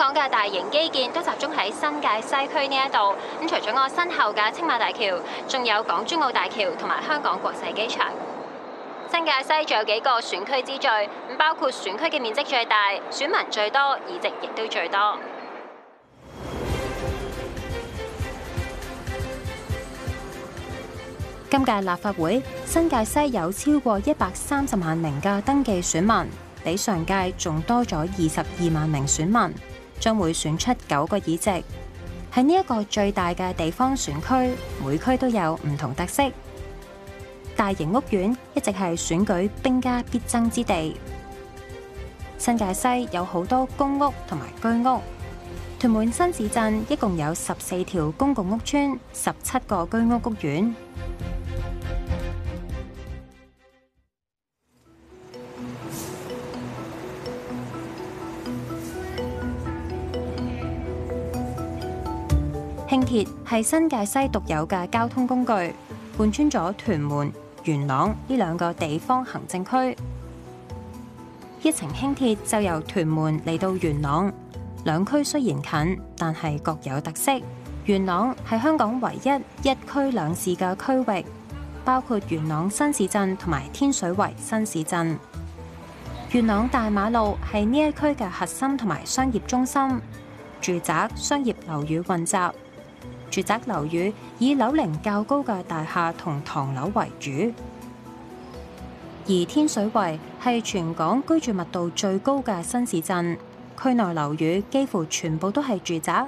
香港嘅大型基建都集中喺新界西區呢一度。咁除咗我身後嘅青馬大橋，仲有港珠澳大橋同埋香港國際機場。新界西仲有幾個選區之最，咁包括選區嘅面積最大、選民最多、議席亦都最多。今屆立法會新界西有超過一百三十萬名嘅登記選民，比上屆仲多咗二十二萬名選民。將會選出九個議席，喺呢一個最大嘅地方選區，每區都有唔同特色。大型屋苑一直係選舉兵家必爭之地。新界西有好多公屋同埋居屋，屯門新市鎮一共有十四條公共屋邨，十七個居屋屋苑。輕鐵係新界西獨有嘅交通工具，貫穿咗屯門、元朗呢兩個地方行政區。一程輕鐵就由屯門嚟到元朗，兩區雖然近，但係各有特色。元朗係香港唯一一區兩市嘅區域，包括元朗新市鎮同埋天水圍新市鎮。元朗大馬路係呢一區嘅核心同埋商業中心，住宅、商業樓宇混雜。住宅樓宇以樓齡較高嘅大廈同唐樓為主，而天水圍係全港居住密度最高嘅新市鎮，區內樓宇幾乎全部都係住宅，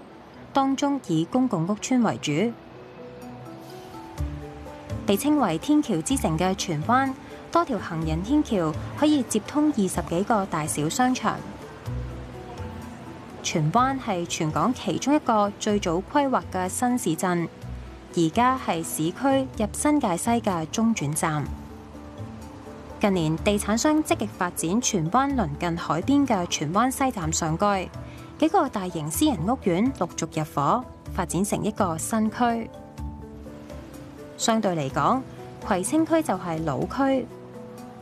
當中以公共屋邨為主。被稱為天橋之城嘅荃灣，多條行人天橋可以接通二十幾個大小商場。荃灣係全港其中一個最早規劃嘅新市鎮，而家係市區入新界西嘅中轉站。近年地產商積極發展荃灣鄰近海邊嘅荃灣西站上蓋，幾個大型私人屋苑陸續入伙，發展成一個新區。相對嚟講，葵青區就係老區，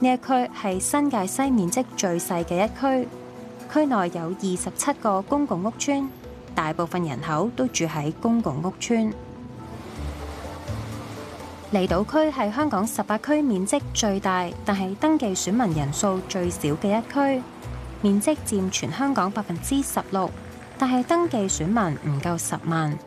呢一區係新界西面積最細嘅一區。區內有二十七個公共屋邨，大部分人口都住喺公共屋邨。離島區係香港十八區面積最大，但係登記選民人數最少嘅一區，面積佔全香港百分之十六，但係登記選民唔夠十萬。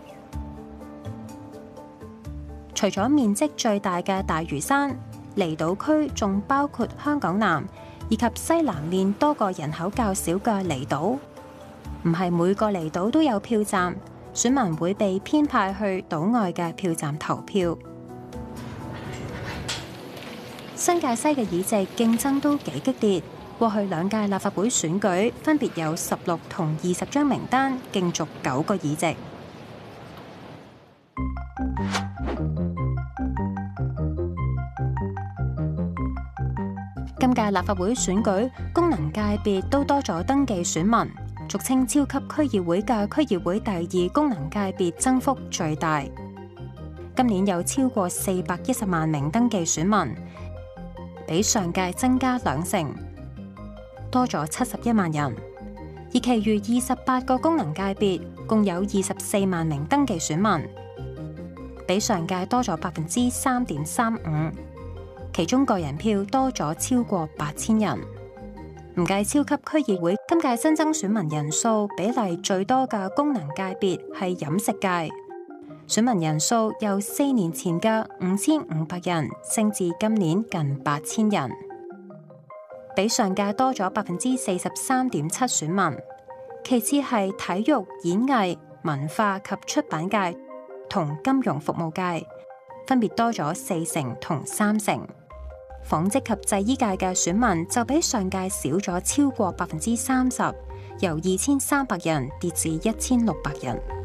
除咗面積最大嘅大嶼山，離島區仲包括香港南，以及西南面多個人口較少嘅離島，唔係每個離島都有票站，選民會被編派去島外嘅票站投票。 新界西嘅議席競爭都幾激烈，過去兩屆立法會選舉分別有十六同二十張名單競逐九個議席。今屆立法會選舉功能界別都多咗登記選民，俗稱超級區議會嘅區議會第二功能界別增幅最大。今年有超過四百一十萬名登記選民，比上屆增加兩成，多咗七十一萬人。而其餘二十八個功能界別共有二十四萬名登記選民，比上屆多咗百分之三點三五。其中個人票多咗超過八千人，唔計超級區議會，今屆新增選民人數比例最多嘅功能界別係飲食界，選民人數由四年前嘅五千五百人升至今年近八千人，比上屆多咗百分之四十三點七選民。其次係體育、演藝、文化及出版界同金融服務界，分別多咗四成同三成。紡織及製衣界嘅選民就比上屆少咗超過百分之三十，由二千三百人跌至一千六百人。